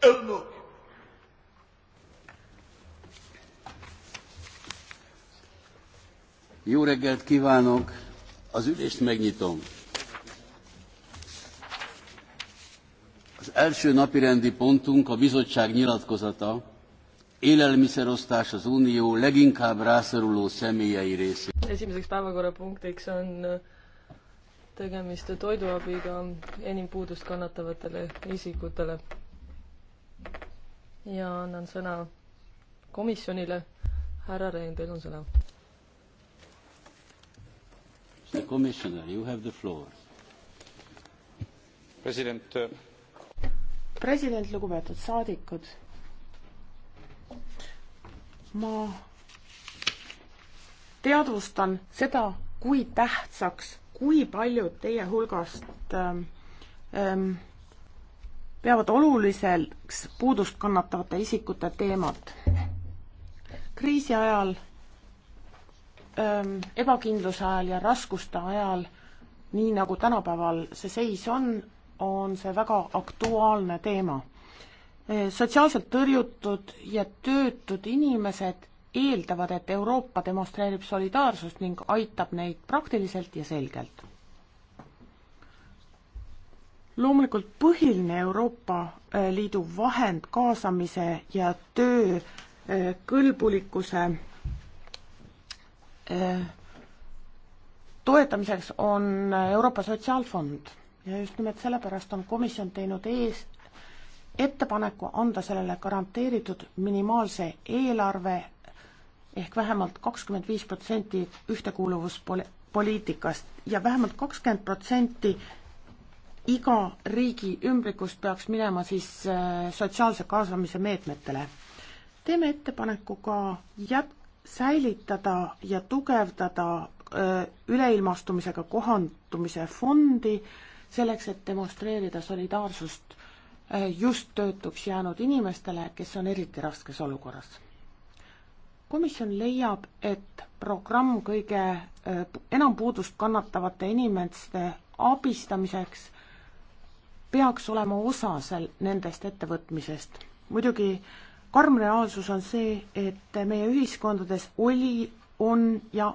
elnök! Jó reggelt kívánok! Az ülést megnyitom. Az első napirendi pontunk a bizottság nyilatkozata, élelmiszerosztás az Unió leginkább rászoruló személyei részé. Esimeseks päevakorrapunktiks on tegemist toiduabiga enim puudust kannatavatele isikutele ja annan sõna komisjonile. härra Rehn, teil on sõna. president. Uh, president, lugupeetud saadikud. ma teadvustan seda, kui tähtsaks, kui paljud teie hulgast ähm, ähm, peavad oluliseks puudust kannatavate isikute teemat. kriisi ajal, ähm, ebakindluse ajal ja raskuste ajal, nii nagu tänapäeval see seis on, on see väga aktuaalne teema. Äh, sotsiaalselt tõrjutud ja töötud inimesed eeldavad, et Euroopa demonstreerib solidaarsust ning aitab neid praktiliselt ja selgelt loomulikult põhiline Euroopa äh, Liidu vahend kaasamise ja töö äh, kõlbulikkuse äh, toetamiseks on Euroopa Sotsiaalfond ja just nimelt sellepärast on komisjon teinud ees ettepaneku anda sellele garanteeritud minimaalse eelarve ehk vähemalt kakskümmend viis protsenti ühtekuuluvuspoliitikast ja vähemalt kakskümmend protsenti iga riigi ümbrikust peaks minema siis äh, sotsiaalse kaasamise meetmetele. teeme ettepaneku ka jät-, säilitada ja tugevdada äh, üleilmastumisega kohandumise fondi selleks, et demonstreerida solidaarsust äh, just töötuks jäänud inimestele, kes on eriti raskes olukorras. komisjon leiab, et programm kõige enam puudust kannatavate inimeste abistamiseks peaks olema osa seal nendest ettevõtmisest. muidugi karm reaalsus on see, et meie ühiskondades oli, on ja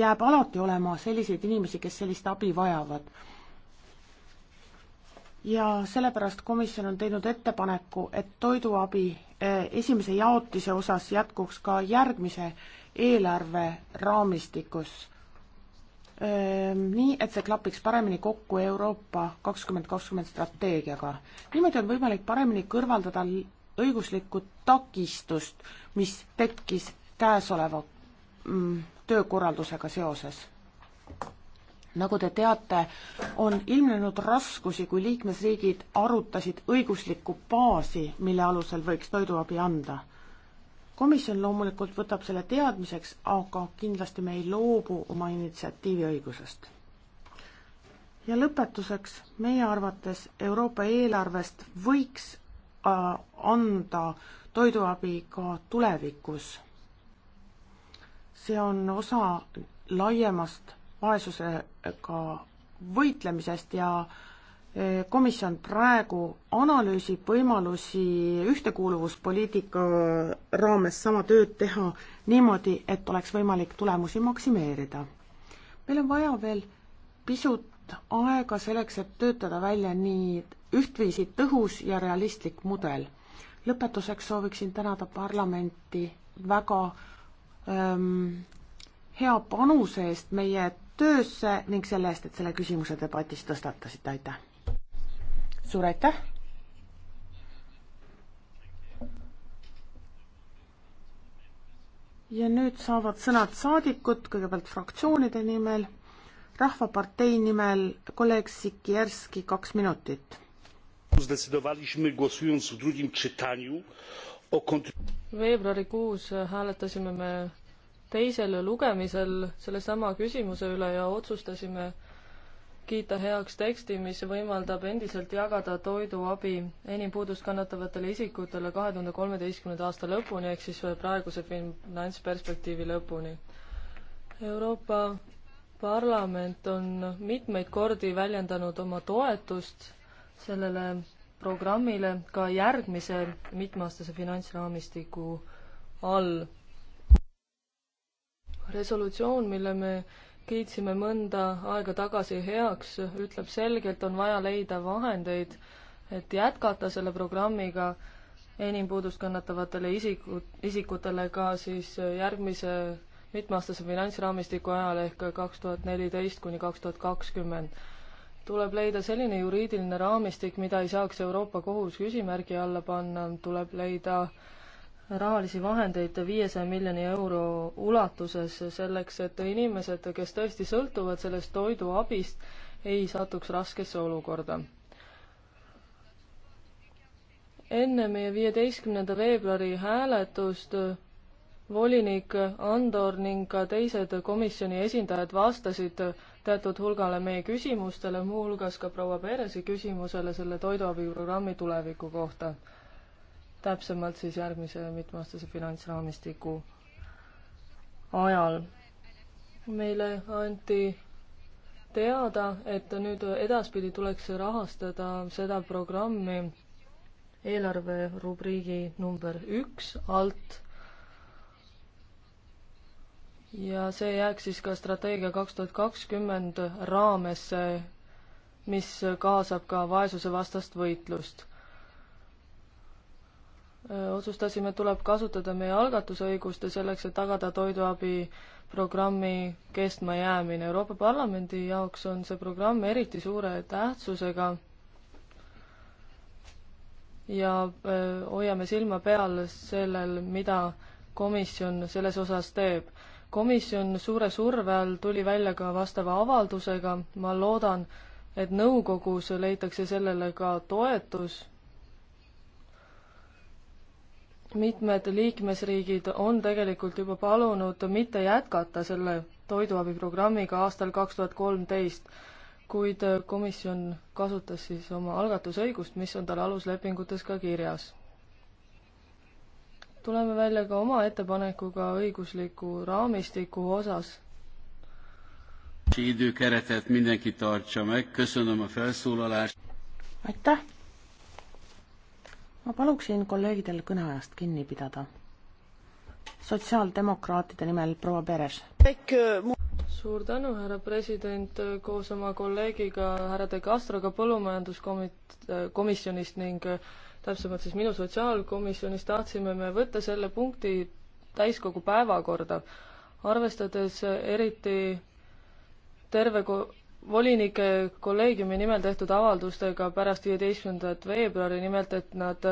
jääb alati olema selliseid inimesi, kes sellist abi vajavad. ja sellepärast komisjon on teinud ettepaneku, et toiduabi eh, esimese jaotise osas jätkuks ka järgmise eelarve raamistikus Ehm, nii, et see klapiks paremini kokku Euroopa kakskümmend kakskümmend strateegiaga. niimoodi on võimalik paremini kõrvaldada õiguslikku takistust, mis tekkis käesoleva mm, töökorraldusega seoses. nagu te teate, on ilmnenud raskusi, kui liikmesriigid arutasid õiguslikku baasi, mille alusel võiks toiduabi anda komisjon loomulikult võtab selle teadmiseks, aga kindlasti me ei loobu oma initsiatiiviõigusest. ja lõpetuseks, meie arvates Euroopa eelarvest võiks äh, anda toiduabi ka tulevikus. see on osa laiemast vaesusega võitlemisest ja äh, komisjon praegu analüüsib võimalusi ühtekuuluvuspoliitika raames sama tööd teha niimoodi, et oleks võimalik tulemusi maksimeerida. meil on vaja veel pisut aega selleks, et töötada välja nii ühtviisi tõhus ja realistlik mudel. lõpetuseks sooviksin tänada parlamenti väga ähm, hea panuse eest meie töösse ning selle eest, et selle küsimuse debatis tõstatasite, aitäh! suur aitäh. ja nüüd saavad sõnad saadikud, kõigepealt fraktsioonide nimel, Rahvapartei nimel kolleeg Sikierski, kaks minutit. veebruarikuus hääletasime me teisel lugemisel sellesama küsimuse üle ja otsustasime kiita heaks teksti, mis võimaldab endiselt jagada toiduabi enim puudust kannatavatele isikutele kahe tuhande kolmeteistkümnenda aasta lõpuni ehk siis praeguse finantsperspektiivi lõpuni. Euroopa Parlament on mitmeid kordi väljendanud oma toetust sellele programmile ka järgmise mitmeaastase finantsraamistiku all. resolutsioon, mille me kiitsime mõnda aega tagasi heaks, ütleb selgelt, on vaja leida vahendeid, et jätkata selle programmiga enim puudust kannatavatele isiku, isikutele ka siis järgmise mitmeaastase finantsraamistiku ajal ehk kaks tuhat neliteist kuni kaks tuhat kakskümmend. tuleb leida selline juriidiline raamistik, mida ei saaks Euroopa Kohus küsimärgi alla panna, tuleb leida äh, rahalisi vahendeid viiesaja miljoni euro ulatuses selleks, et inimesed, kes tõesti sõltuvad sellest toiduabist, ei satuks raskesse olukorda. enne meie viieteistkümnenda veebruari hääletust volinik Andor ning ka teised komisjoni esindajad vastasid teatud hulgale meie küsimustele, muuhulgas ka proua Peresi küsimusele selle toiduabiprogrammi tuleviku kohta täpsemalt siis järgmise mitmeaastase finantsraamistiku ajal. meile anti teada, et nüüd edaspidi tuleks rahastada seda programmi eelarverubriigi number üks alt ja see jääks siis ka strateegia kaks tuhat kakskümmend raamesse, mis kaasab ka vaesusevastast võitlust otsustasime, tuleb kasutada meie algatusõigust ja selleks, et tagada toiduabi programmi kestmajäämine. Euroopa Parlamendi jaoks on see programm eriti suure tähtsusega ja hoiame silma peal sellel, mida komisjon selles osas teeb. komisjon suure surve all tuli välja ka vastava avaldusega, ma loodan, et nõukogus leitakse sellele ka toetus mitmed liikmesriigid on tegelikult juba palunud mitte jätkata selle toiduabiprogrammiga aastal kaks tuhat kolmteist, kuid komisjon kasutas siis oma algatusõigust, mis on tal aluslepingutes ka kirjas. tuleme välja ka oma ettepanekuga õigusliku raamistiku osas. aitäh! ma paluksin kolleegidel kõneajast kinni pidada. sotsiaaldemokraatide nimel proua Peres. suur tänu, härra president, koos oma kolleegiga härra De Castroga põllumajanduskomisjonist ning täpsemalt siis minu sotsiaalkomisjonis tahtsime me võtta selle punkti täiskogu päevakorda, arvestades eriti terve ko-, volinike kolleegiumi nimel tehtud avaldustega pärast viieteistkümnendat veebruari, nimelt et nad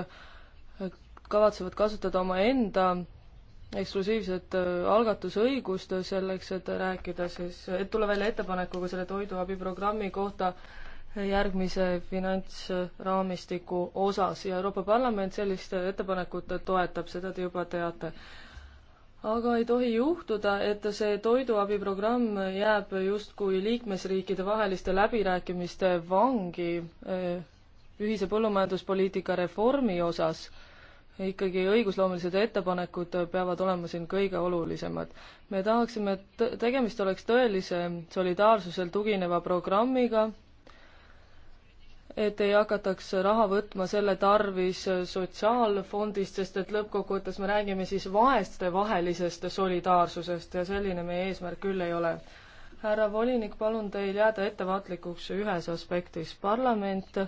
kavatsevad kasutada omaenda eksklusiivset algatusõigust selleks, et rääkida siis, et tulla välja ettepanekuga selle toiduabiprogrammi kohta järgmise finantsraamistiku osas ja Euroopa Parlament sellist ettepanekut toetab, seda te juba teate aga ei tohi juhtuda, et see toiduabiprogramm jääb justkui liikmesriikide vaheliste läbirääkimiste vangi eh, ühise põllumajanduspoliitika reformi osas. ikkagi õigusloomelised ettepanekud peavad olema siin kõige olulisemad. me tahaksime, et tegemist oleks tõelise solidaarsusel tugineva programmiga et ei hakataks raha võtma selle tarvis sotsiaalfondist, sest et lõppkokkuvõttes me räägime siis vaestevahelisest solidaarsusest ja selline meie eesmärk küll ei ole. härra volinik, palun teil jääda ettevaatlikuks ühes aspektis. parlament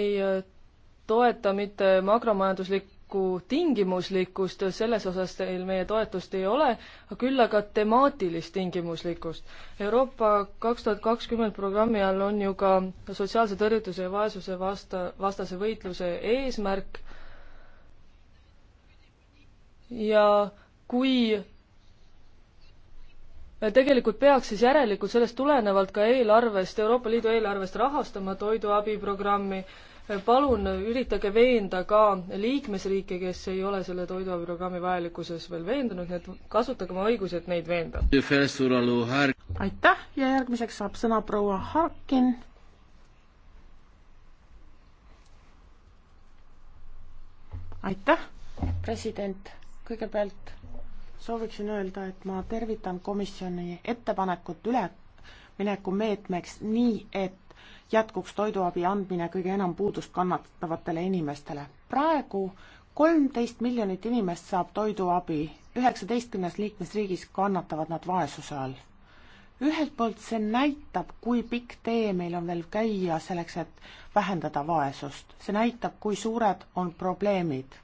ei toeta mitte makromajanduslik paraku tingimuslikkust, selles osas teil meie toetust ei ole, küll aga temaatilist tingimuslikkust. Euroopa kaks tuhat kakskümmend programmi all on ju ka sotsiaalse tõrjutuse ja vaesuse vasta, vastase võitluse eesmärk ja kui tegelikult peaks siis järelikult sellest tulenevalt ka eelarvest, Euroopa Liidu eelarvest rahastama toiduabiprogrammi, palun üritage veenda ka liikmesriike, kes ei ole selle toiduabiprogrammi vajalikkuses veel veendunud, nii et kasutage oma õigusi, et neid veenda. aitäh ja järgmiseks saab sõna proua Harkin. aitäh, president, kõigepealt sooviksin öelda, et ma tervitan komisjoni ettepanekut üleminekumeetmeks nii, et jätkuks toiduabi andmine kõige enam puudust kannatavatele inimestele. praegu kolmteist miljonit inimest saab toiduabi, üheksateistkümnes liikmesriigis kannatavad nad vaesuse all. ühelt poolt see näitab, kui pikk tee meil on veel käia selleks, et vähendada vaesust. see näitab, kui suured on probleemid.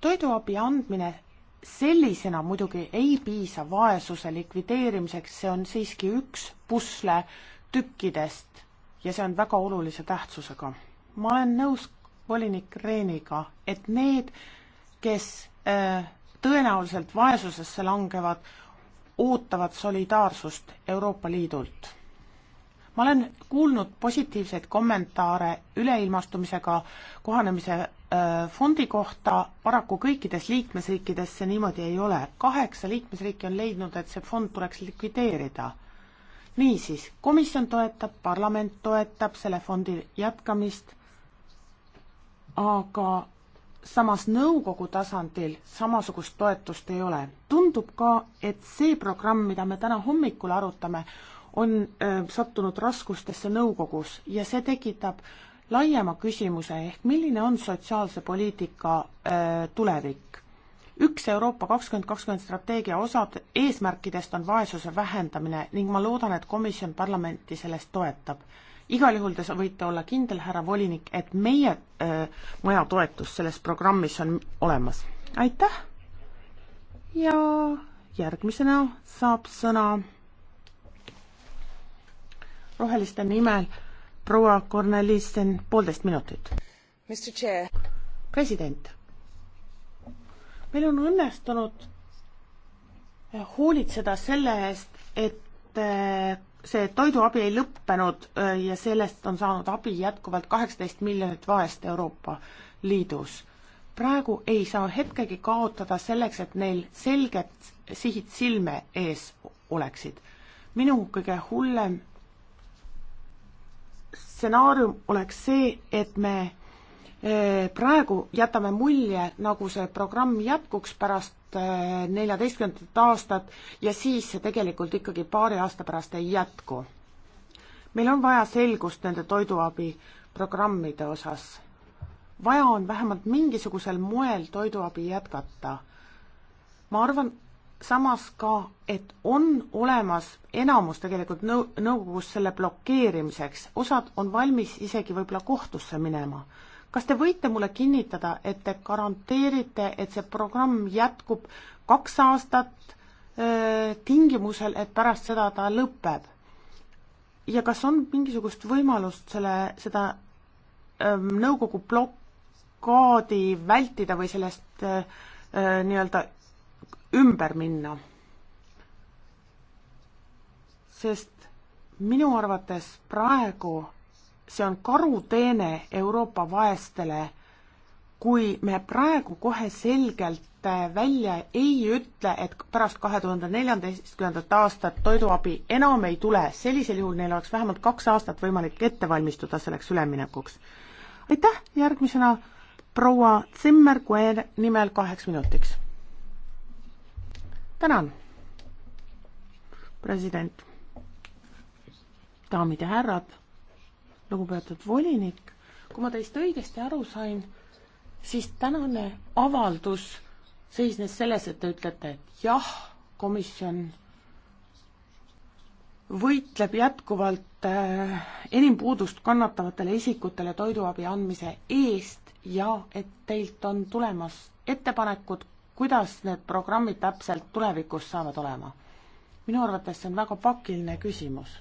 toiduabi andmine sellisena muidugi ei piisa vaesuse likvideerimiseks, see on siiski üks pusle tükkidest ja see on väga olulise tähtsusega. ma olen nõus volinik Reeniga, et need, kes äh, tõenäoliselt vaesusesse langevad, ootavad solidaarsust Euroopa Liidult. ma olen kuulnud positiivseid kommentaare üleilmastumisega kohanemise äh, fondi kohta, paraku kõikides liikmesriikides see niimoodi ei ole. kaheksa liikmesriiki on leidnud, et see fond tuleks likvideerida niisiis, komisjon toetab, parlament toetab selle fondi jätkamist, aga samas nõukogu tasandil samasugust toetust ei ole. tundub ka, et see programm, mida me täna hommikul arutame, on öö, sattunud raskustesse nõukogus ja see tekitab laiema küsimuse ehk milline on sotsiaalse poliitika öö, tulevik üks Euroopa kakskümmend kakskümmend strateegia osad eesmärkidest on vaesuse vähendamine ning ma loodan, et komisjon parlamenti sellest toetab. igal juhul te võite olla kindel, härra volinik, et meie öö, äh, maja toetus selles programmis on olemas. aitäh ja järgmisena saab sõna roheliste nimel proua Kornelissen, poolteist minutit. president meil on õnnestunud eh, hoolitseda selle eest, et eh, see toiduabi ei lõppenud eh, ja sellest on saanud abi jätkuvalt kaheksateist miljonit vaest Euroopa Liidus. praegu ei saa hetkegi kaotada selleks, et neil selged sihid silme ees oleksid. minu kõige hullem stsenaarium oleks see, et me Äh, praegu jätame mulje, nagu see programm jätkuks pärast äh, neljateistkümnendat aastat ja siis see tegelikult ikkagi paari aasta pärast ei jätku. meil on vaja selgust nende toiduabiprogrammide osas. vaja on vähemalt mingisugusel moel toiduabi jätkata. ma arvan samas ka, et on olemas enamus tegelikult nõu-, nõukogus selle blokeerimiseks, osad on valmis isegi võib-olla kohtusse minema kas te võite mulle kinnitada, et te garanteerite, et see programm jätkub kaks aastat öö, tingimusel, et pärast seda ta lõpeb? ja kas on mingisugust võimalust selle, seda öö, nõukogu blokaadi vältida või sellest nii-öelda ümber minna? sest minu arvates praegu see on karuteene Euroopa vaestele, kui me praegu kohe selgelt äh, välja ei ütle, et pärast kahe tuhande neljateistkümnendat aastat toiduabi enam ei tule, sellisel juhul neil oleks vähemalt kaks aastat võimalik ette valmistuda selleks üleminekuks. aitäh, järgmisena proua Zimmer Guen nimel kaheks minutiks. tänan, president, daamid ja härrad lugupeetud volinik, kui ma teist õigesti aru sain, siis tänane avaldus seisnes selles, et te ütlete, et jah, komisjon võitleb jätkuvalt äh, enim puudust kannatavatele isikutele toiduabi andmise eest ja et teilt on tulemas ettepanekud, kuidas need programmid täpselt tulevikus saavad olema? minu arvates see on väga pakiline küsimus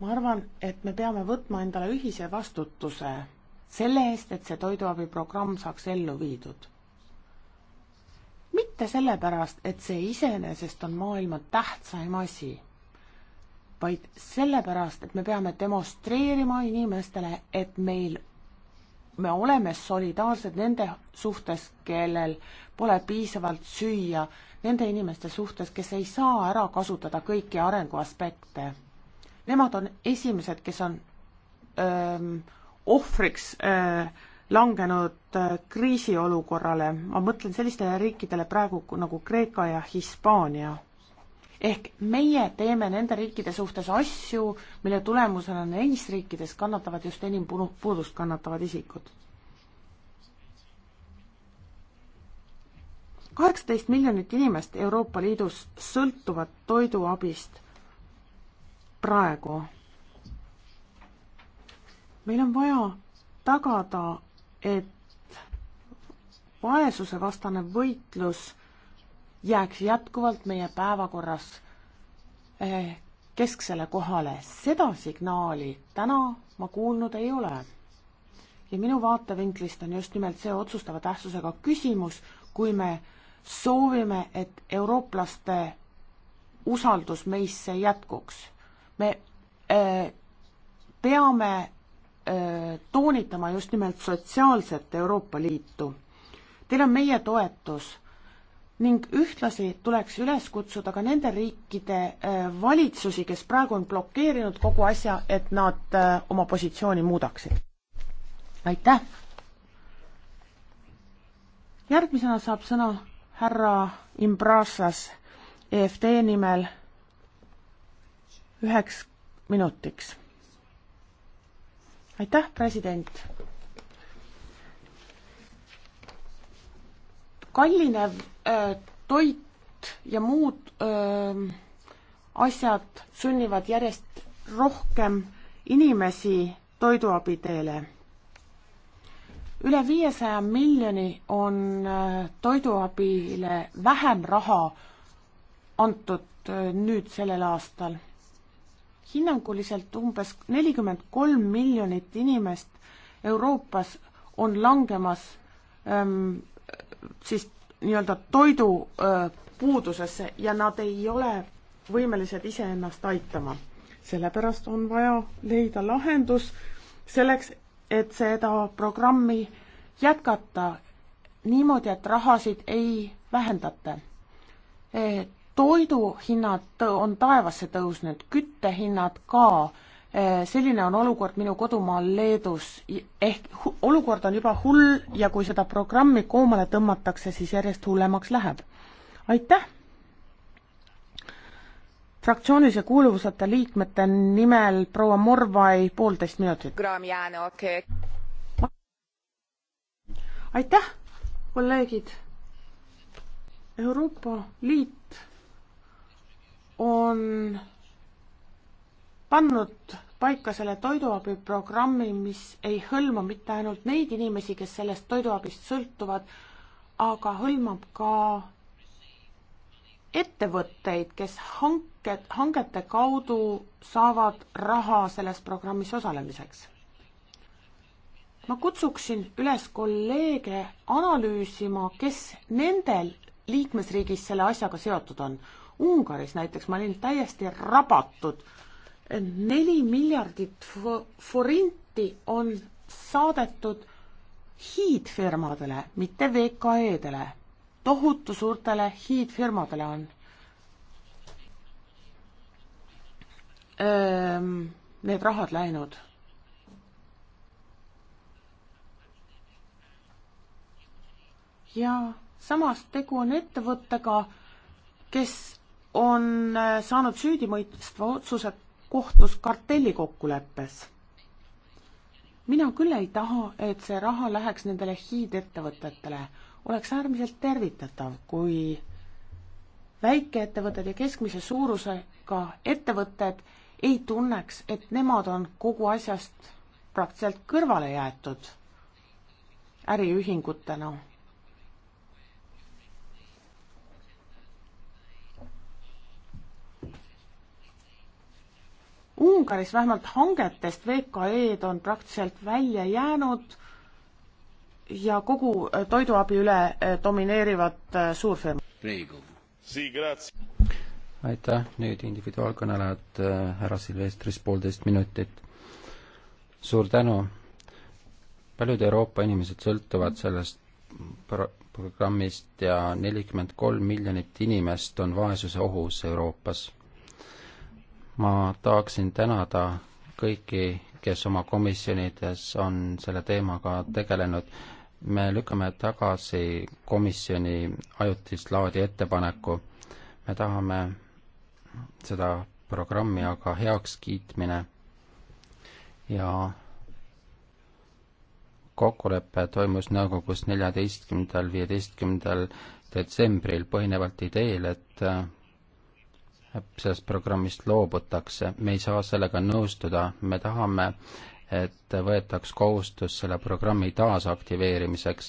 ma arvan, et me peame võtma endale ühise vastutuse selle eest, et see toiduabiprogramm saaks ellu viidud. mitte sellepärast, et see iseenesest on maailma tähtsaim asi, vaid sellepärast, et me peame demonstreerima inimestele, et meil, me oleme solidaarsed nende suhtes, kellel pole piisavalt süüa, nende inimeste suhtes, kes ei saa ära kasutada kõiki arenguaspekte nemad on esimesed, kes on öö, ähm, ohvriks öö, äh, langenud öö, äh, kriisiolukorrale, ma mõtlen sellistele riikidele praegu nagu Kreeka ja Hispaania. ehk meie teeme nende riikide suhtes asju, mille tulemusena neis riikides kannatavad just enim puudust kannatavad isikud kaheksateist miljonit inimest Euroopa Liidus sõltuvad toiduabist praegu. meil on vaja tagada, et vaesusevastane võitlus jääks jätkuvalt meie päevakorras eh, kesksele kohale. seda signaali täna ma kuulnud ei ole. ja minu vaatevinklist on just nimelt see otsustava tähtsusega küsimus, kui me soovime, et eurooplaste usaldus meisse jätkuks me äh, peame äh, toonitama just nimelt sotsiaalset Euroopa Liitu. Teil on meie toetus ning ühtlasi tuleks üles kutsuda ka nende riikide äh, valitsusi, kes praegu on blokeerinud kogu asja, et nad oma positsiooni muudaksid. aitäh! järgmisena saab sõna härra Imbrasas EFD nimel üheks minutiks. aitäh, president. kallinev öö, äh, toit ja muud öö, äh, asjad sunnivad järjest rohkem inimesi toiduabiteele. üle viiesaja miljoni on äh, toiduabile vähem raha antud nüüd sellel aastal hinnanguliselt umbes nelikümmend kolm miljonit inimest Euroopas on langemas ähm, siis nii-öelda toidupuudusesse äh, ja nad ei ole võimelised iseennast aitama. sellepärast on vaja leida lahendus selleks, et seda programmi jätkata niimoodi, et rahasid ei vähendata. et toiduhinnad on taevasse tõusnud, küttehinnad ka, äh, selline on olukord minu kodumaal Leedus, ehk olukord on juba hull ja kui seda programmi koomale tõmmatakse, siis järjest hullemaks läheb. aitäh! fraktsioonis ja kuuluvusate liikmete nimel proua Morvai poolteist minutit. aitäh, kolleegid! Euroopa Liit on pannud paika selle toiduabiprogrammi, mis ei hõlma mitte ainult neid inimesi, kes sellest toiduabist sõltuvad, aga hõlmab ka ettevõtteid, kes hanked, hangete kaudu saavad raha selles programmis osalemiseks. ma kutsuksin üles kolleege analüüsima, kes nendel liikmesriigis selle asjaga seotud on. Ungaris näiteks, ma olin täiesti rabatud. neli miljardit forinti on saadetud hiidfirmadele, mitte VKE-dele. tohutu suurtele hiidfirmadele on öö, need rahad läinud ja samas tegu on ettevõttega, kes on äh, saanud süüdimõistva otsuse kohtus kartellikokkuleppes. mina küll ei taha, et see raha läheks nendele hiidettevõtetele. oleks äärmiselt tervitatav, kui väikeettevõtted ja keskmise suurusega ettevõtted ei tunneks, et nemad on kogu asjast praktiliselt kõrvale jäetud äriühingutena Ungaris vähemalt hangetest VKE-d on praktiliselt välja jäänud ja kogu äh, toiduabi üle äh, domineerivad äh, suurfirmad. aitäh, nüüd individuaalkõnelejad, härra Silvestris, poolteist minutit. suur tänu. paljud Euroopa inimesed sõltuvad sellest pro-, programmist ja nelikümmend kolm miljonit inimest on vaesuse ohus Euroopas ma tahaksin tänada kõiki, kes oma komisjonides on selle teemaga tegelenud. me lükkame tagasi komisjoni ajutist laadi ettepaneku. me tahame seda programmi aga heakskiitmine ja kokkulepe toimus nõukogus neljateistkümnendal, viieteistkümnendal detsembril põhinevalt ideel, et sellest programmist loobutakse, me ei saa sellega nõustuda, me tahame, et võetaks kohustus selle programmi taasaktiveerimiseks,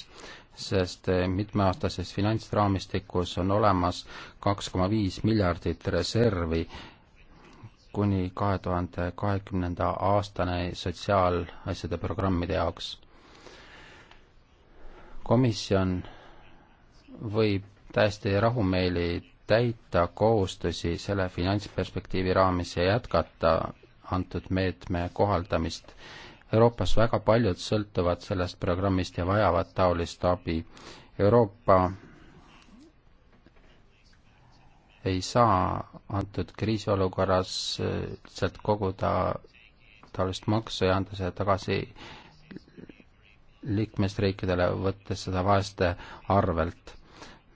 sest mitmeaastases finantsraamistikus on olemas kaks koma viis miljardit reservi kuni kahe tuhande kahekümnenda aastane sotsiaalasjade programmide jaoks. komisjon võib täiesti rahumeeli täita kohustusi selle finantsperspektiivi raames ja jätkata antud meetme kohaldamist. Euroopas väga paljud sõltuvad sellest programmist ja vajavad taolist abi. Euroopa ei saa antud kriisiolukorras lihtsalt äh, koguda taolist maksu ja anda seda tagasi liikmesriikidele, võttes seda vaeste arvelt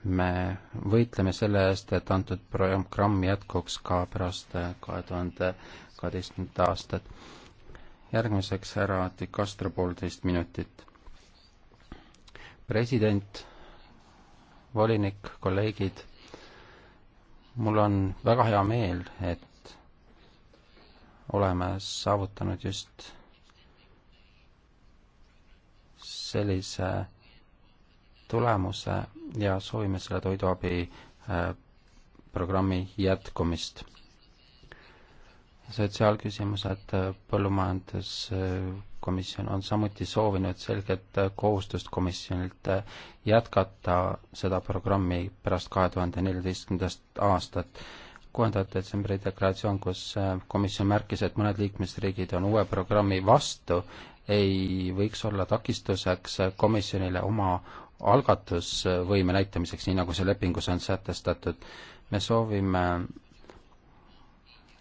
me võitleme selle eest, et antud programm jätkuks ka pärast äh, kahe tuhande kaheteistkümnendat aastat. järgmiseks härra Di Castro poolteist minutit. president, volinik, kolleegid, mul on väga hea meel, et oleme saavutanud just sellise tulemuse ja soovime selle toiduabi äh, programmi jätkumist. sotsiaalküsimused, äh, põllumajanduskomisjon on samuti soovinud selget äh, kohustust komisjonilt jätkata seda programmi pärast kahe tuhande neljateistkümnendast aastat. kuuendat detsembri deklaratsioon, kus komisjon märkis, et mõned liikmesriigid on uue programmi vastu, ei võiks olla takistuseks komisjonile oma algatusvõime näitamiseks, nii nagu see lepingus on sätestatud. me soovime,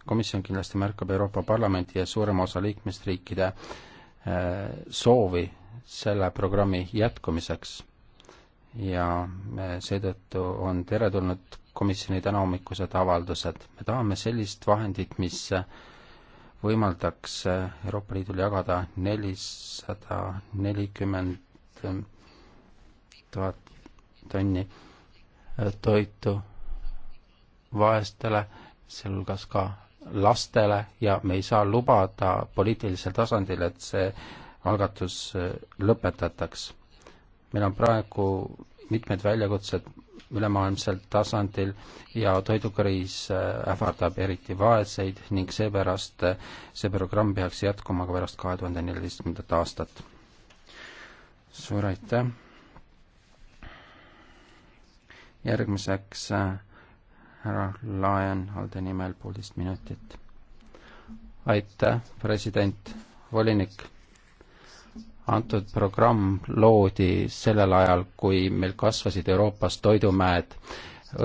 komisjon kindlasti märkab Euroopa Parlamendi ja suurema osa liikmesriikide eh, soovi selle programmi jätkumiseks. ja eh, seetõttu on teretulnud komisjoni tänahommikused avaldused. me tahame sellist vahendit, mis võimaldaks Euroopa Liidul jagada nelisada nelikümmend tuhat tonni äh, toitu vaestele, sealhulgas ka lastele ja me ei saa lubada poliitilisel tasandil, et see algatus äh, lõpetataks. meil on praegu mitmed väljakutsed ülemaailmsel tasandil ja toidukriis äh, ähvardab eriti vaeseid ning seepärast see programm peaks jätkuma ka pärast kahe tuhande neljateistkümnendat aastat. suur aitäh! järgmiseks äh, härra Laen Alde nimel poolteist minutit. aitäh, president, volinik. antud programm loodi sellel ajal, kui meil kasvasid Euroopas toidumäed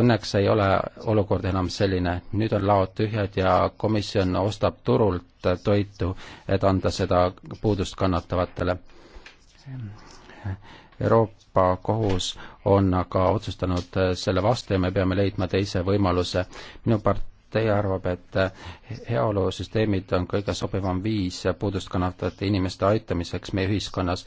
õnneks ei ole olukord enam selline, nüüd on laod tühjad ja komisjon ostab turult toitu, et anda seda puudust kannatavatele. Euroopa Kohus on aga otsustanud selle vastu ja me peame leidma teise võimaluse. minu partei arvab, et heaolusüsteemid on kõige sobivam viis puudust kannatavate inimeste aitamiseks meie ühiskonnas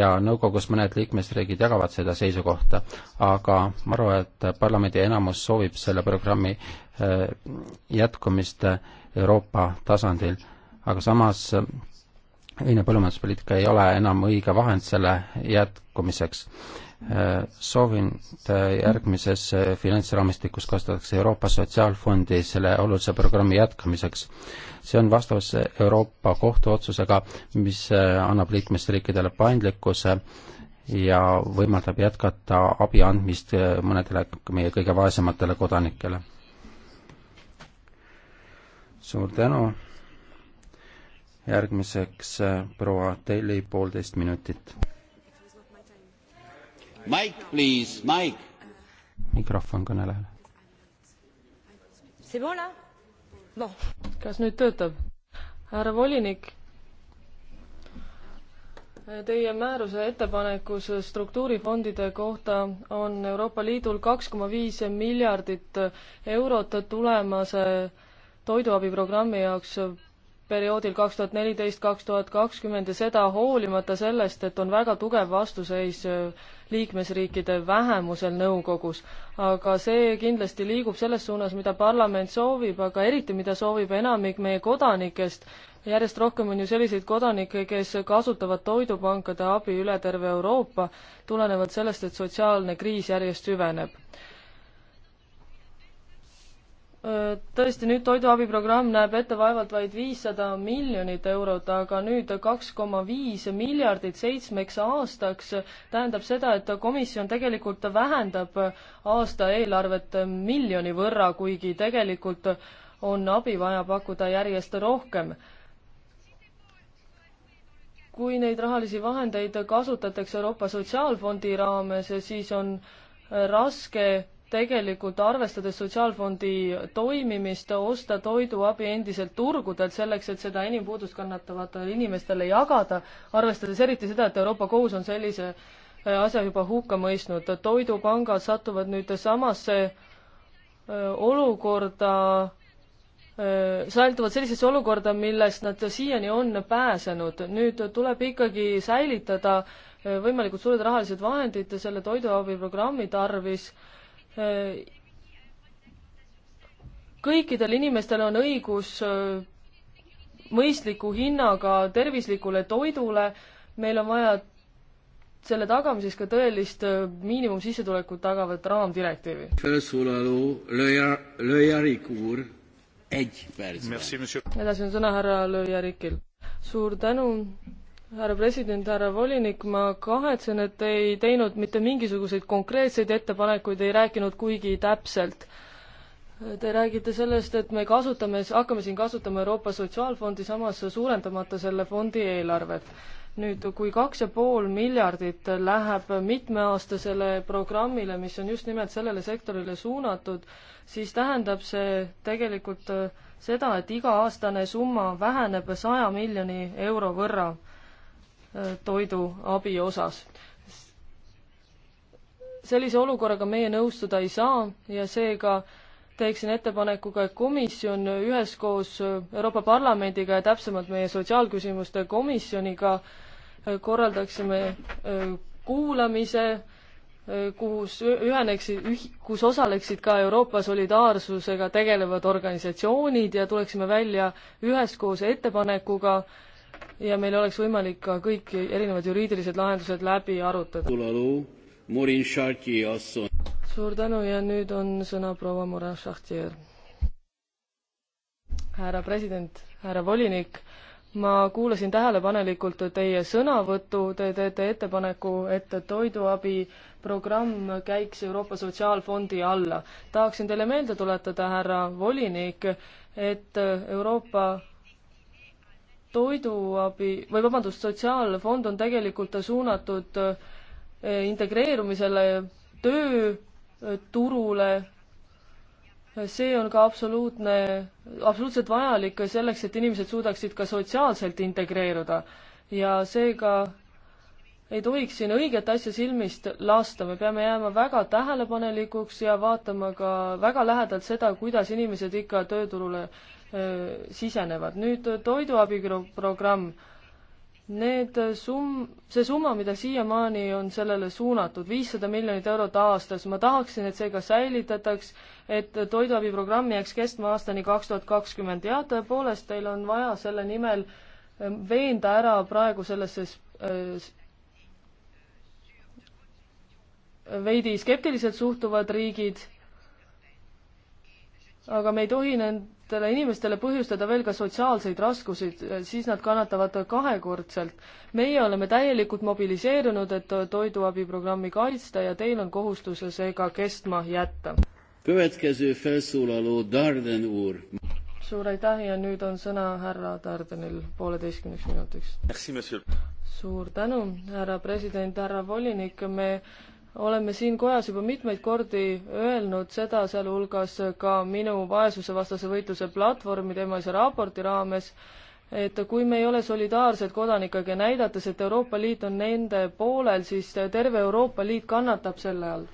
ja nõukogus mõned liikmesriigid jagavad seda seisukohta, aga ma arvan, et parlamendi enamus soovib selle programmi äh, jätkumist Euroopa tasandil, aga samas ühine põllumajanduspoliitika ei ole enam õige vahend selle jätkumiseks. Soovin, et järgmises finantsraamistikus kasutatakse Euroopa Sotsiaalfondi selle olulise programmi jätkamiseks. see on vastavus Euroopa Kohtu otsusega, mis annab liikmesriikidele paindlikkuse ja võimaldab jätkata abi andmist mõnedele meie kõige vaesematele kodanikele. suur tänu! järgmiseks äh, proua Telli poolteist minutit. Mike, please, Mike. mikrofon kõnelejale. see pole? noh, kas nüüd töötab? härra volinik Teie määruse ettepanekus struktuurifondide kohta on Euroopa Liidul kaks koma viis miljardit eurot tulemas äh, toiduabiprogrammi jaoks perioodil kaks tuhat neliteist, kaks tuhat kakskümmend ja seda hoolimata sellest, et on väga tugev vastuseis äh, liikmesriikide vähemusel nõukogus. aga see kindlasti liigub selles suunas, mida parlament soovib, aga eriti, mida soovib enamik meie kodanikest. järjest rohkem on ju selliseid kodanikke, kes kasutavad toidupankade abi üle terve Euroopa, tulenevalt sellest, et sotsiaalne kriis järjest süveneb tõesti, nüüd toiduabiprogramm näeb ette vaevalt vaid viissada miljonit eurot, aga nüüd kaks koma viis miljardit seitsmeks aastaks tähendab seda, et komisjon tegelikult vähendab aasta eelarvet miljoni võrra, kuigi tegelikult on abi vaja pakkuda järjest rohkem kui neid rahalisi vahendeid kasutatakse Euroopa Sotsiaalfondi raames, siis on raske tegelikult arvestades Sotsiaalfondi toimimist, osta toiduabi endiselt turgudelt selleks, et seda enim puudust kannatavatele inimestele jagada, arvestades eriti seda, et Euroopa Kohus on sellise äh, asja juba hukka mõistnud. toidupangad satuvad nüüd samasse äh, olukorda, äh, säilituvad sellisesse olukorda, millest nad siiani on pääsenud. nüüd tuleb ikkagi säilitada võimalikult suured rahalised vahendid selle toiduabiprogrammi tarvis kõikidel inimestel on õigus äh, mõistliku hinnaga tervislikule toidule, meil on vaja selle tagamiseks ka tõelist äh, miinimumsissetulekut tagavat raamdirektiivi. edasi on sõna härra Lööjarikil. suur tänu, härra president, härra volinik, ma kahetsen, et te ei teinud mitte mingisuguseid konkreetseid ettepanekuid, ei rääkinud kuigi täpselt. Te räägite sellest, et me kasutame, hakkame siin kasutama Euroopa Sotsiaalfondi, samas suurendamata selle fondi eelarvet. nüüd, kui kaks ja pool miljardit läheb mitmeaastasele programmile, mis on just nimelt sellele sektorile suunatud, siis tähendab see tegelikult äh, seda, et iga-aastane summa väheneb saja miljoni euro võrra toiduabi osas. sellise olukorraga meie nõustuda ei saa ja seega teeksin ettepaneku ka, et komisjon üheskoos Euroopa Parlamendiga ja täpsemalt meie sotsiaalküsimuste komisjoniga korraldaksime äh, kuulamise, äh, kus üheneksid, kus osaleksid ka Euroopa solidaarsusega tegelevad organisatsioonid ja tuleksime välja üheskoos ettepanekuga äh, ja meil oleks võimalik ka kõik erinevad juriidilised lahendused läbi arutada. suur tänu ja nüüd on sõna proua Morin Chartier. härra president, härra volinik, ma kuulasin tähelepanelikult teie sõnavõttu, te teete ettepaneku, et toiduabi programm käiks Euroopa Sotsiaalfondi alla. tahaksin teile meelde tuletada, härra volinik, et Euroopa toiduabi või vabandust, sotsiaalfond on tegelikult suunatud eh, integreerumisele tööturule. see on ka absoluutne, absoluutselt vajalik selleks, et inimesed suudaksid ka sotsiaalselt integreeruda ja seega ei tohiks siin õiget asja silmist lasta, me peame jääma väga tähelepanelikuks ja vaatama ka väga lähedalt seda, kuidas inimesed ikka tööturule sisenevad. nüüd äh, toiduabiprogramm. Need äh, summ, see summa, mida siiamaani on sellele suunatud, viissada miljonit eurot aastas, ma tahaksin, et see ka säilitataks, et toiduabiprogramm jääks kestma aastani kaks tuhat kakskümmend. jah, tõepoolest, teil on vaja selle nimel äh, veenda ära praegu sellesse veidi skeptiliselt suhtuvad riigid, aga me ei tohi nend-, vaesematele inimestele põhjustada veel ka sotsiaalseid raskusi, siis nad kannatavad kahekordselt. meie oleme täielikult mobiliseerunud, et toiduabiprogrammi kaitsta ja teil on kohustus see ka kestma jätta. suur aitäh ja nüüd on sõna härra Dardenil pooleteistkümneks minutiks. suur tänu, härra president, härra volinik, me oleme siin kojas juba mitmeid kordi öelnud seda, sealhulgas ka minu vaesusevastase võitluse platvormi teemalise raporti raames, et kui me ei ole solidaarsed kodanikega ja näidates, et Euroopa Liit on nende poolel, siis terve Euroopa Liit kannatab selle all.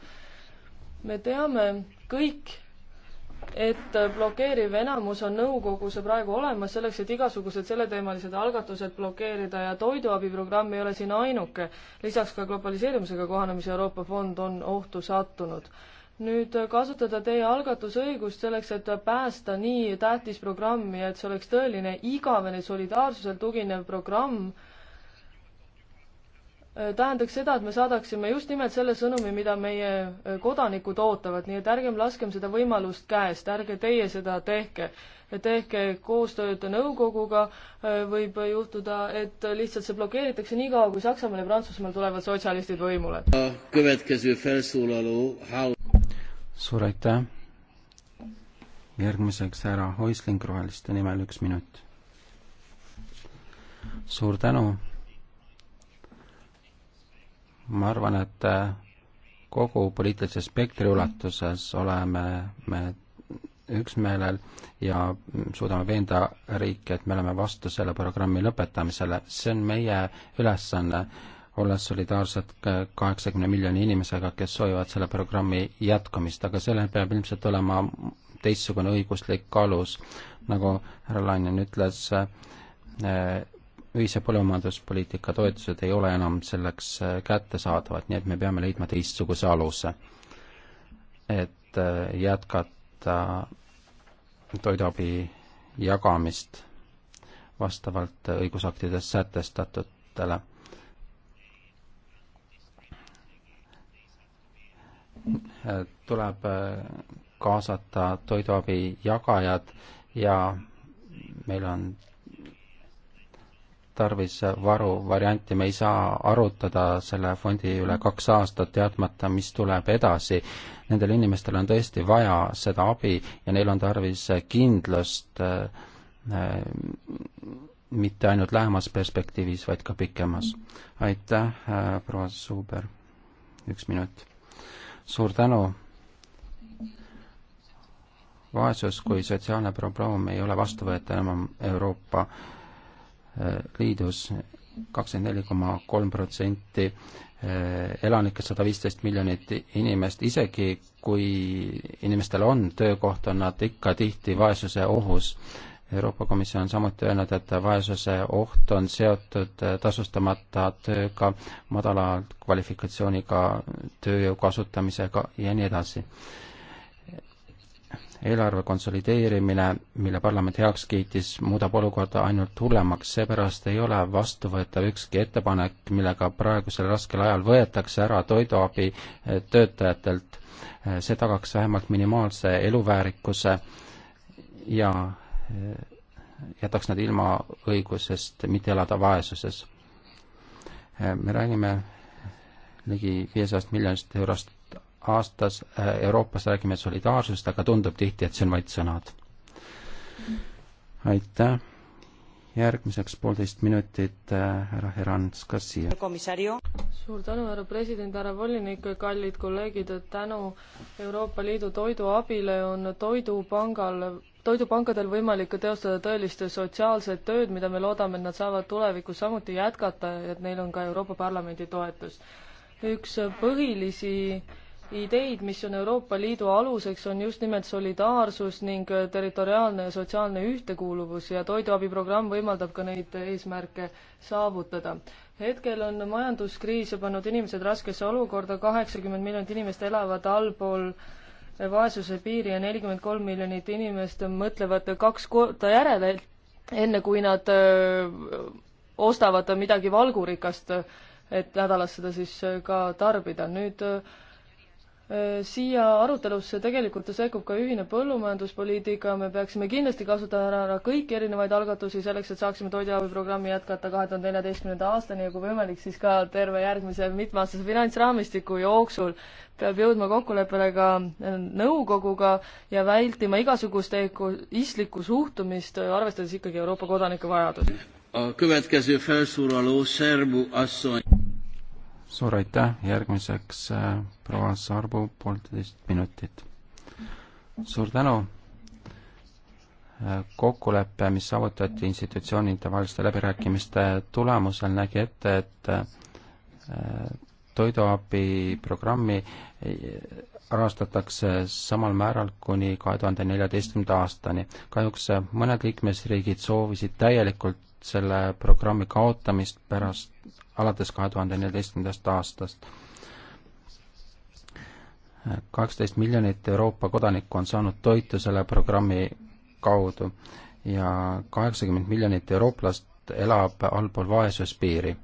me teame kõik, et blokeeriv enamus on nõukogus praegu olemas selleks, et igasugused selleteemalised algatused blokeerida ja toiduabiprogramm ei ole siin ainuke. lisaks ka globaliseerimisega kohanemise Euroopa fond on ohtu sattunud. nüüd kasutada teie algatusõigust selleks, et päästa nii tähtis programm ja et see oleks tõeline igavene solidaarsusel tuginev programm, Äh, tähendaks seda, et me saadaksime just nimelt selle sõnumi, mida meie äh, kodanikud ootavad, nii et ärgem laskem seda võimalust käest, ärge teie seda tehke. tehke koostööd nõukoguga, äh, võib juhtuda, et lihtsalt see blokeeritakse niikaua, kui Saksamaal ja Prantsusmaal tulevad sotsialistid võimule. suur aitäh. järgmiseks härra Oisling Roheliste nimel üks minut. suur tänu ma arvan, et äh, kogu poliitilise spektri ulatuses oleme me üksmeelel ja suudame veenda riiki, et me oleme vastu selle programmi lõpetamisele. see on meie ülesanne, olles solidaarsed kaheksakümne miljoni inimesega, kes soovivad selle programmi jätkumist, aga sellel peab ilmselt olema teistsugune õiguslik alus. nagu härra Lainen ütles, äh, ühise põllumajanduspoliitika toetused ei ole enam selleks äh, kättesaadavad, nii et me peame leidma teistsuguse aluse, et äh, jätkata toiduabi jagamist vastavalt õigusaktides sätestatutele. tuleb äh, kaasata toiduabi jagajad ja meil on tarvis varuvarianti, me ei saa arutada selle fondi üle kaks aastat, teadmata, mis tuleb edasi. Nendel inimestel on tõesti vaja seda abi ja neil on tarvis kindlust äh, mitte ainult lähemas perspektiivis, vaid ka pikemas. aitäh, äh, proua Suuber, üks minut. suur tänu vaesus kui sotsiaalne probleem ei ole vastuvõetav enam Euroopa Äh, Liidus kakskümmend neli koma kolm protsenti äh, elanikest, sada viisteist miljonit inimest, isegi kui inimestel on töökoht, on nad ikka tihti vaesuse ohus. Euroopa Komisjon on samuti öelnud, et vaesuse oht on seotud äh, tasustamata tööga, madala kvalifikatsiooniga tööjõu kasutamisega ja nii edasi eelarve konsolideerimine, mille parlament heaks kiitis, muudab olukorda ainult hullemaks, seepärast ei ole vastuvõetav ükski ettepanek, millega praegusel raskel ajal võetakse ära toiduabi eh, töötajatelt. Eh, see tagaks vähemalt minimaalse eluväärikuse ja eh, jätaks nad ilma õigusest mitte elada vaesuses. me räägime ligi viiesajast miljonist eurost aastas äh, Euroopas räägime solidaarsusest, aga tundub tihti, et see on vaid sõnad. aitäh, järgmiseks poolteist minutit äh, härra Herans, kas siia? suur tänu, härra president, härra volinik, kallid kolleegid, et tänu Euroopa Liidu toiduabile on Toidupangal toidupankadel võimalik teostada tõelist sotsiaalset tööd, mida me loodame, et nad saavad tulevikus samuti jätkata ja et neil on ka Euroopa Parlamendi toetus. üks põhilisi äh, ideid, mis on Euroopa Liidu aluseks, on just nimelt solidaarsus ning äh, territoriaalne ja sotsiaalne ühtekuuluvus ja toiduabiprogramm võimaldab ka neid eesmärke saavutada. hetkel on majanduskriis pannud inimesed raskesse olukorda, kaheksakümmend miljonit inimest elavad allpool vaesuse piiri ja nelikümmend kolm miljonit inimest mõtlevad kaks korda järele, enne kui nad öö, äh, ostavad midagi valgurikast, et nädalas seda siis äh, ka tarbida. nüüd öö, siia arutelusse tegelikult sekkub ka ühine põllumajanduspoliitika, me peaksime kindlasti kasutama ära kõiki erinevaid algatusi selleks, et saaksime toiduabiprogrammi jätkata kahe tuhande neljateistkümnenda aastani ja kui võimalik, siis ka terve järgmise mitmeaastase finantsraamistiku jooksul peab jõudma kokkuleppele ka äh, nõukoguga ja vältima igasugust egoistlikku suhtumist, äh, arvestades ikkagi Euroopa kodanike vajadusi suur aitäh, järgmiseks äh, proua Sarbu poolteist minutit. suur tänu. Äh, kokkulepe, mis saavutati institutsioonide vaheliste läbirääkimiste tulemusel, nägi ette, et äh, toiduabiprogrammi rahastatakse samal määral kuni kahe tuhande neljateistkümnenda aastani. kahjuks mõned liikmesriigid soovisid täielikult selle programmi kaotamist pärast, alates kahe tuhande neljateistkümnendast aastast. kaksteist miljonit Euroopa kodanikku on saanud toitu selle programmi kaudu ja kaheksakümmend miljonit eurooplast elab allpool vaesuspiiri.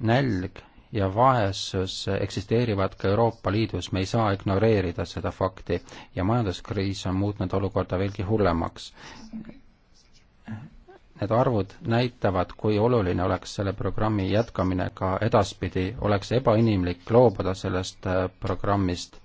nälg ja vaesus eksisteerivad ka Euroopa Liidus, me ei saa ignoreerida seda fakti ja majanduskriis on muutnud olukorda veelgi hullemaks Need arvud näitavad, kui oluline oleks selle programmi jätkamine ka edaspidi, oleks ebainimlik loobuda sellest äh, programmist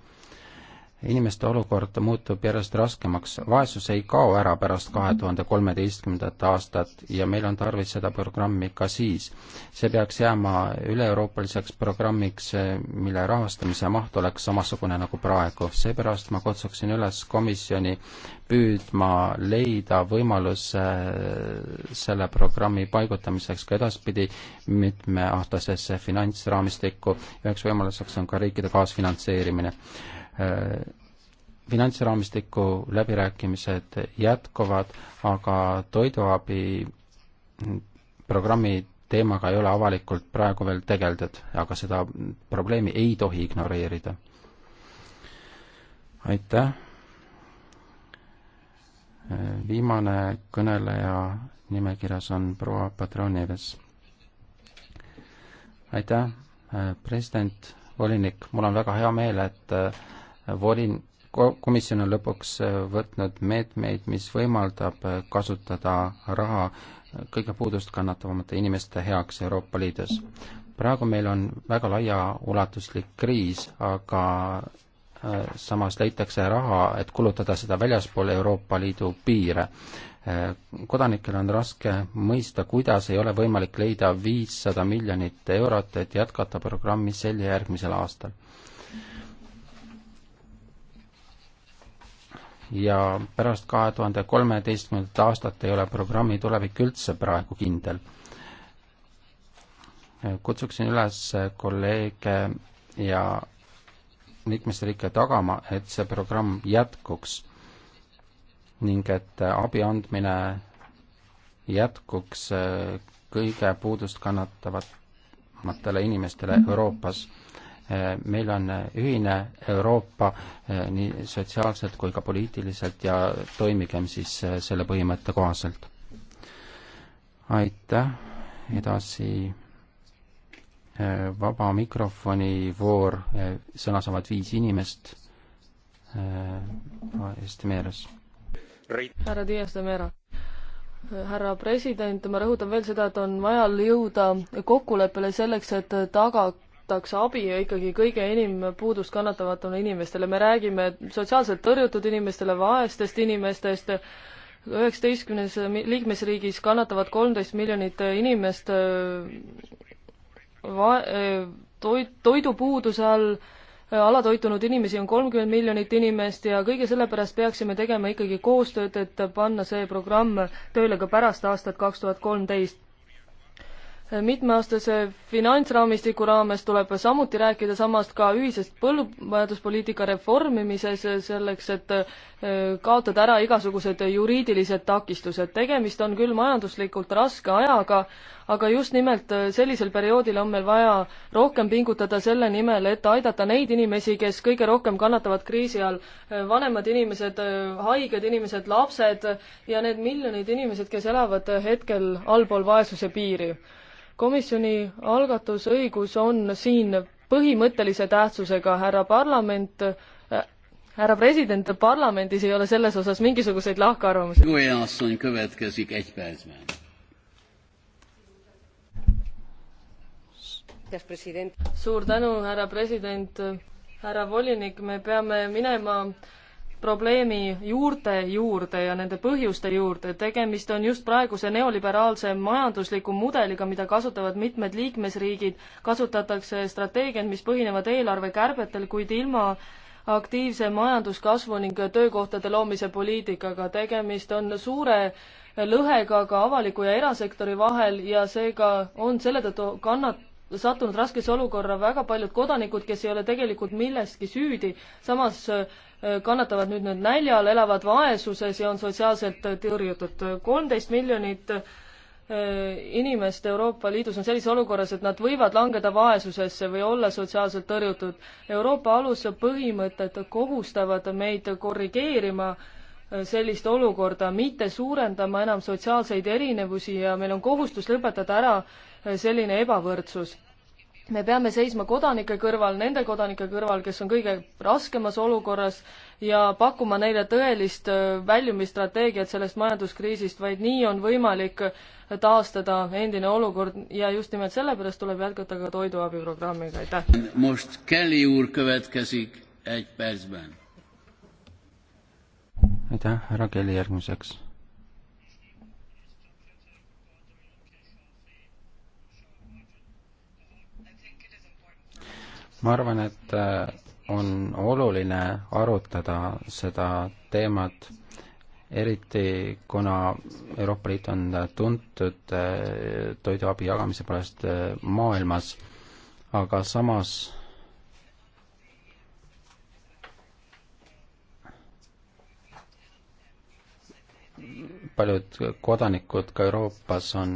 inimeste olukord muutub järjest raskemaks. vaesus ei kao ära pärast kahe tuhande kolmeteistkümnendat aastat ja meil on tarvis seda programmi ka siis. see peaks jääma üle-euroopaliseks programmiks, mille rahastamise maht oleks samasugune nagu praegu. seepärast ma kutsuksin üles komisjoni püüdma leida võimaluse selle programmi paigutamiseks ka edaspidi mitmeaastasesse finantsraamistikku. üheks võimaluseks on ka riikide kaasfinantseerimine Äh, finantsraamistiku läbirääkimised jätkuvad, aga toiduabi programmi teemaga ei ole avalikult praegu veel tegeldud, aga seda probleemi ei tohi ignoreerida. aitäh. Äh, viimane kõneleja nimekirjas on proua Patroneves. aitäh, äh, president, volinik, mul on väga hea meel, et volin-, komisjon on lõpuks äh, võtnud meetmeid, mis võimaldab äh, kasutada raha äh, kõige puudust kannatavamate inimeste heaks Euroopa Liidus. praegu meil on väga laiaulatuslik kriis, aga samas leitakse raha, et kulutada seda väljaspool Euroopa Liidu piire. kodanikel on raske mõista, kuidas ei ole võimalik leida viissada miljonit eurot, et jätkata programmi sel ja järgmisel aastal ja pärast kahe tuhande kolmeteistkümnendat aastat ei ole programmi tulevik üldse praegu kindel. kutsuksin üles kolleege ja liikmesriike tagama, et see programm jätkuks ning et abi andmine jätkuks kõige puudust kannatavatele inimestele Euroopas mm. -hmm meil on ühine Euroopa eh, nii sotsiaalselt kui ka poliitiliselt ja toimigem siis eh, selle põhimõtte kohaselt. aitäh, edasi eh, vaba mikrofoni voor, sõna saavad viis inimest, Estemeeres. härra Dias de Mera härra president, ma rõhutan veel seda, et on vaja jõuda kokkuleppele selleks, et taga, antakse abi ikkagi kõige enim puudust kannatavatele inimestele, me räägime sotsiaalselt tõrjutud inimestele, vaestest inimestest, üheksateistkümnes liikmesriigis kannatavad kolmteist miljonit inimest va-, toit, toidupuuduse all, alatoitunud inimesi on kolmkümmend miljonit inimest ja kõige selle pärast peaksime tegema ikkagi koostööd, et panna see programm tööle ka pärast aastat kaks tuhat kolmteist mitmeaastase finantsraamistiku raames tuleb samuti rääkida samast ka ühisest põllumajanduspoliitika reformimises, selleks et äh, kaotada ära igasugused juriidilised takistused. tegemist on küll majanduslikult raske ajaga, aga just nimelt äh, sellisel perioodil on meil vaja rohkem pingutada selle nimel, et aidata neid inimesi, kes kõige rohkem kannatavad kriisi all. Äh, vanemad inimesed, haiged inimesed, lapsed ja need miljonid inimesed, kes elavad hetkel allpool vaesuse piiri komisjoni algatusõigus on siin põhimõttelise tähtsusega, härra parlament, äh, härra president, parlamendis ei ole selles osas mingisuguseid lahkarvamusi. suur tänu, härra president, härra volinik, me peame minema probleemi juurte juurde ja nende põhjuste juurde. tegemist on just praeguse neoliberaalse majandusliku mudeliga, mida kasutavad mitmed liikmesriigid, kasutatakse strateegiaid, mis põhinevad eelarvekärbetel, kuid ilma aktiivse majanduskasvu ning töökohtade loomise poliitikaga. tegemist on suure lõhega ka avaliku ja erasektori vahel ja seega on selle tõttu kannat-, sattunud raskesse olukorra väga paljud kodanikud, kes ei ole tegelikult milleski süüdi, samas Äh, kannatavad nüüd nüüd näljal, elavad vaesuses ja on sotsiaalselt tõrjutud. kolmteist miljonit äh, inimest Euroopa Liidus on sellises olukorras, et nad võivad langeda vaesusesse või olla sotsiaalselt tõrjutud. Euroopa aluspõhimõtted kohustavad meid korrigeerima äh, sellist olukorda, mitte suurendama enam sotsiaalseid erinevusi ja meil on kohustus lõpetada ära selline ebavõrdsus me peame seisma kodanike kõrval, nende kodanike kõrval, kes on kõige raskemas olukorras ja pakkuma neile tõelist äh, väljumisstrateegiat sellest majanduskriisist, vaid nii on võimalik taastada endine olukord ja just nimelt sellepärast tuleb jätkata ka toiduabiprogrammiga, aitäh. Most Kelly uur kõvetkesik, et pääsme. aitäh, härra Kelly järgmiseks ma arvan, et äh, on oluline arutada seda teemat, eriti kuna Euroopa Liit on äh, tuntud äh, toiduabi jagamise poolest maailmas, aga samas paljud kodanikud ka Euroopas on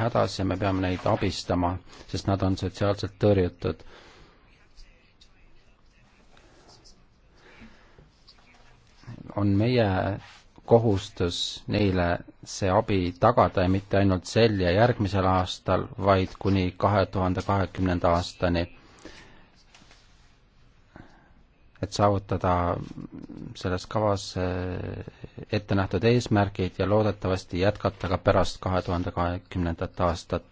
hädas ja me peame neid abistama, sest nad on sotsiaalselt tõrjutud on meie kohustus neile see abi tagada ja mitte ainult sel ja järgmisel aastal, vaid kuni kahe tuhande kahekümnenda aastani. et saavutada selles kavas eh, ette nähtud eesmärgid ja loodetavasti jätkata ka pärast kahe tuhande kahekümnendat aastat.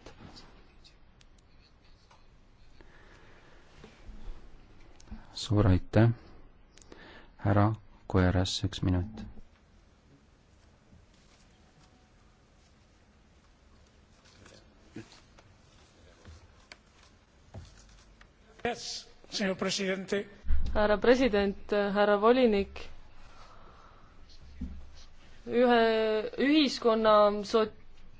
suur aitäh, härra Koeras, üks minut. härra president, härra volinik, ühe ühiskonna sot-,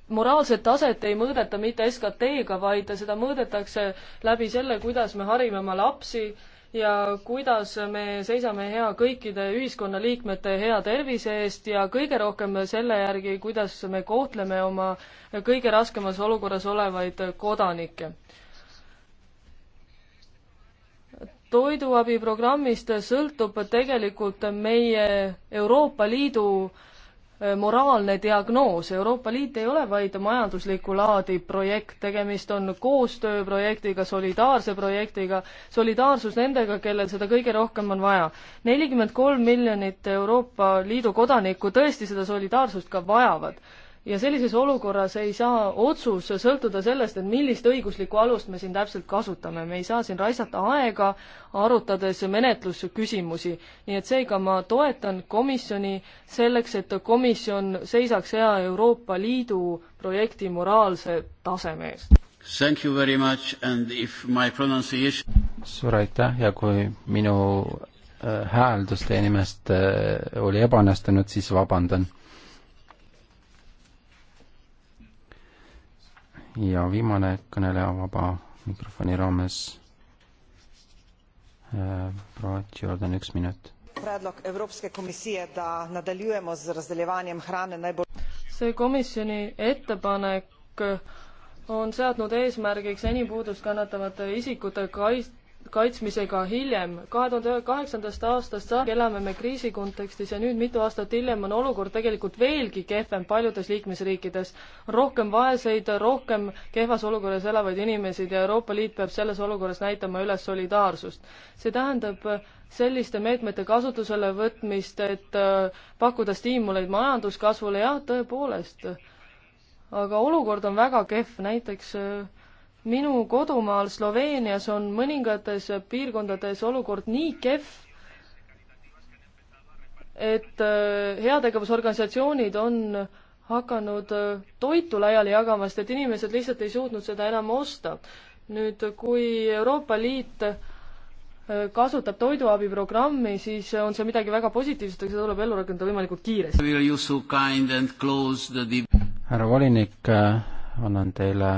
moraalset taset ei mõõdeta mitte SKT-ga, vaid seda mõõdetakse läbi selle, kuidas me harime oma lapsi, ja kuidas me seisame hea kõikide ühiskonnaliikmete hea tervise eest ja kõige rohkem selle järgi, kuidas me kohtleme oma kõige raskemas olukorras olevaid kodanikke. toiduabiprogrammist sõltub tegelikult meie Euroopa Liidu Äh, moraalne diagnoos, Euroopa Liit ei ole vaid majanduslikku laadi projekt, tegemist on koostööprojektiga, solidaarse projektiga, solidaarsus nendega, kellel seda kõige rohkem on vaja. nelikümmend kolm miljonit Euroopa Liidu kodanikku tõesti seda solidaarsust ka vajavad ja sellises olukorras ei saa otsus sõltuda sellest, et millist õiguslikku alust me siin täpselt kasutame, me ei saa siin raisata aega, arutades menetlusküsimusi. nii et seega ma toetan komisjoni selleks, et komisjon seisaks hea Euroopa Liidu projekti moraalse taseme eest. Thank you very much and if my pronunciation suur aitäh ja kui minu äh, hääldus teie nimest äh, oli ebaõnnestunud, siis vabandan ja viimane kõneleja vaba mikrofoni raames äh, proua Jordan, üks minut. see komisjoni ettepanek on seadnud eesmärgiks enim puudust kannatavate isikute kaitse kaitsmisega hiljem. kahe tuhande kaheksandast aastast saab, elame me kriisi kontekstis ja nüüd mitu aastat hiljem on olukord tegelikult veelgi kehvem paljudes liikmesriikides. rohkem vaeseid, rohkem kehvas olukorras elavaid inimesi ja Euroopa Liit peab selles olukorras näitama üles solidaarsust. see tähendab selliste meetmete kasutusele võtmist, et äh, pakkuda stiimuleid majanduskasvule, jah, tõepoolest. aga olukord on väga kehv, näiteks äh, minu kodumaal Sloveenias on mõningates piirkondades olukord nii kehv, et äh, heategevusorganisatsioonid on hakanud äh, toitu laiali jagama, sest et inimesed lihtsalt ei suutnud seda enam osta. nüüd, kui Euroopa Liit äh, kasutab toiduabiprogrammi, siis on see midagi väga positiivset, aga seda tuleb ellu rakendada võimalikult kiiresti. härra volinik, annan teile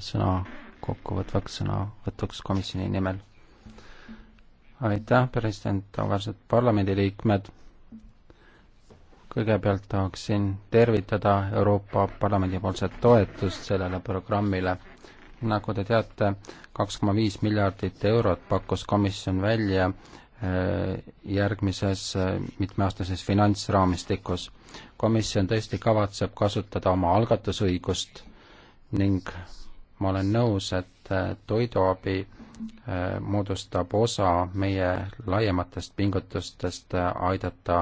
sõna kokkuvõtvaks sõnavõtuks komisjoni nimel. aitäh, president, auväärsed parlamendiliikmed. kõigepealt tahaksin tervitada Euroopa Parlamendi poolset toetust sellele programmile. nagu te teate, kaks koma viis miljardit eurot pakkus komisjon välja äh, järgmises äh, mitmeaastases finantsraamistikus. komisjon tõesti kavatseb kasutada oma algatusõigust ning ma olen nõus, et äh, toiduabi äh, moodustab osa meie laiematest pingutustest äh, aidata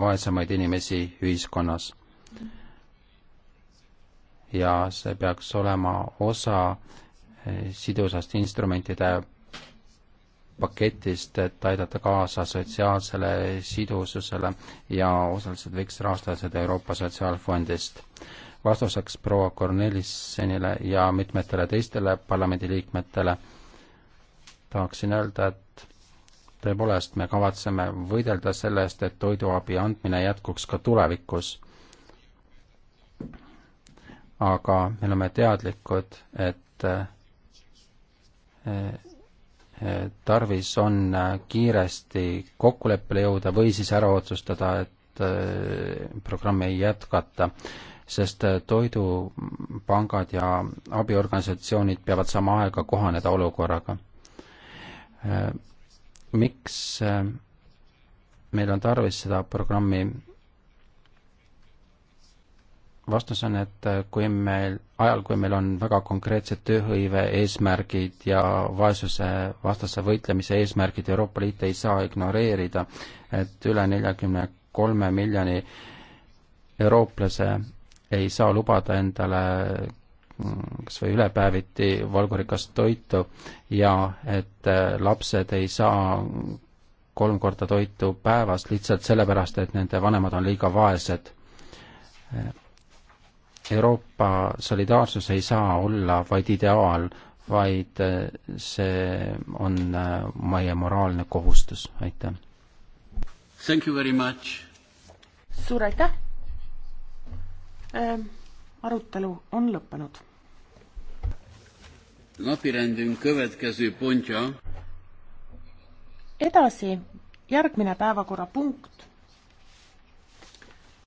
vaesemaid inimesi ühiskonnas. ja see peaks olema osa sidusast instrumentide paketist, et aidata kaasa sotsiaalsele sidususele ja osaliselt võiks rahastada seda Euroopa Sotsiaalfondist vastuseks proua Kornelissenile ja mitmetele teistele parlamendiliikmetele tahaksin öelda, et tõepoolest me kavatseme võidelda selle eest, et toiduabi andmine jätkuks ka tulevikus. aga me oleme teadlikud, et eh, tarvis on kiiresti kokkuleppele jõuda või siis ära otsustada, et eh, programmi ei jätkata sest äh, toidupangad ja abiorganisatsioonid peavad saama aega kohaneda olukorraga. Äh, miks äh, meil on tarvis seda programmi? vastus on, et kui meil, ajal, kui meil on väga konkreetsed tööhõive eesmärgid ja vaesuse vastase võitlemise eesmärgid, Euroopa Liit ei saa ignoreerida, et üle neljakümne kolme miljoni eurooplase ei saa lubada endale mm, kas või ülepäeviti valgurikast toitu ja et äh, lapsed ei saa kolm korda toitu päevas lihtsalt sellepärast, et nende vanemad on liiga vaesed. Euroopa solidaarsus ei saa olla vaid ideaal, vaid äh, see on äh, meie moraalne kohustus, aitäh! suur aitäh! Äh, arutelu on lõppenud. napirendünk következő pontja. edasi järgmine päevakorrapunkt